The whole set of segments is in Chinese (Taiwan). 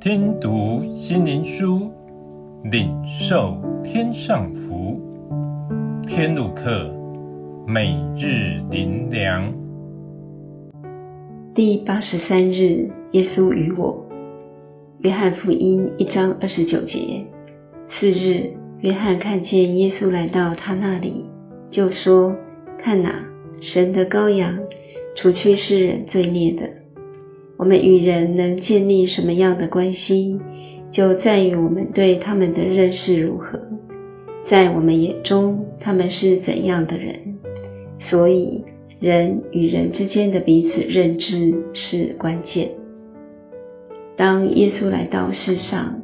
聽讀心靈書，領受天上福。天路客每日靈糧。第八十三日，耶穌與我，約翰福音一章二十九節。次日，約翰看見耶穌來到他那裡，就說：“看哪，神的羔羊，除去世人罪孽的。”我們與人能建立什麼樣的關係，就在於我們對他們的認識如何，在我們眼中他們是怎樣的人。所以，人與人之間的彼此認知是關鍵。當耶穌來到世上，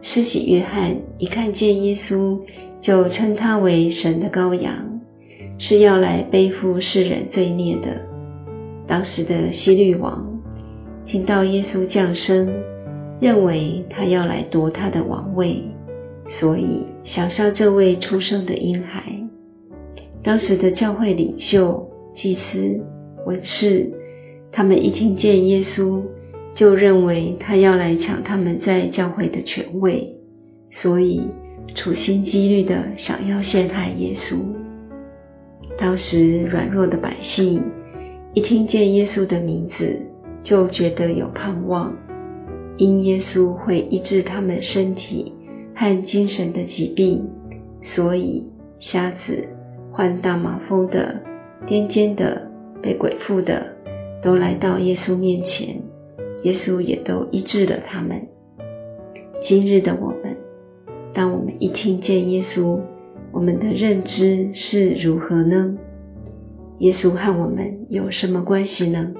施洗約翰一看見耶穌，就稱他為神的羔羊，是要來背負世人罪孽的。當時的希律王，聽到耶穌降生，認為他要來奪他的王位，所以想殺這位初生的嬰孩。當時的教會領袖、祭司、文士，他們一聽見耶穌，就認為他要來搶他們在教會的權位，所以處心積慮的想要陷害耶穌。當時軟弱的百姓一聽見耶穌的名字。就覺得有盼望，因耶穌會醫治他們身體和精神的疾病，所以瞎子、患大麻風的、癲癇的、被鬼附的，都來到耶穌面前，耶穌也都醫治了他們。今日的我們，當我們一聽見耶穌，我們的認知是如何呢？耶穌和我們有什麼關係呢？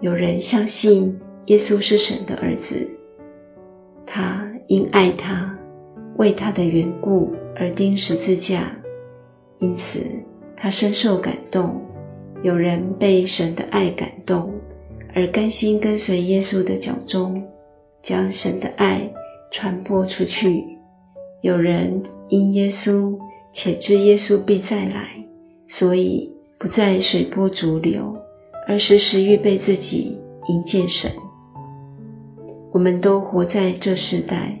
有人相信耶穌是神的兒子，他因愛他，為他的緣故而釘十字架，因此他深受感動。有人被神的愛感動，而甘心跟隨耶穌的腳蹤，將神的愛傳播出去。有人因耶穌且知耶穌必再來，所以不再隨波逐流。而時時預備自己迎見神。我們都活在這世代，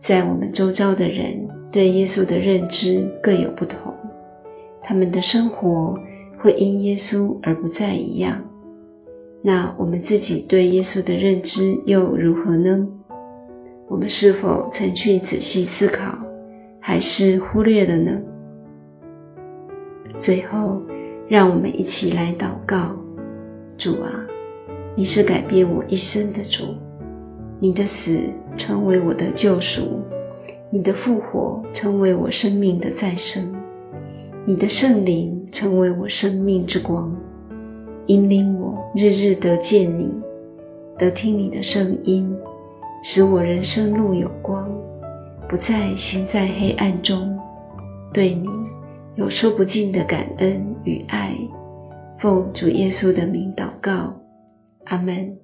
在我們周遭的人對耶穌的認知各有不同，他們的生活會因耶穌而不再一樣。那我們自己對耶穌的認知又如何呢？我們是否曾去仔細思考，還是忽略了呢？最後，讓我們一起來禱告。主啊，你是改變我一生的主，你的死成為我的救贖，你的復活成為我生命的再生，你的聖靈成為我生命之光，引領我日日得見你，得聽你的聲音，使我人生路有光，不再行在黑暗中，對你有說不盡的感恩與愛。奉主耶穌的名禱告，阿門。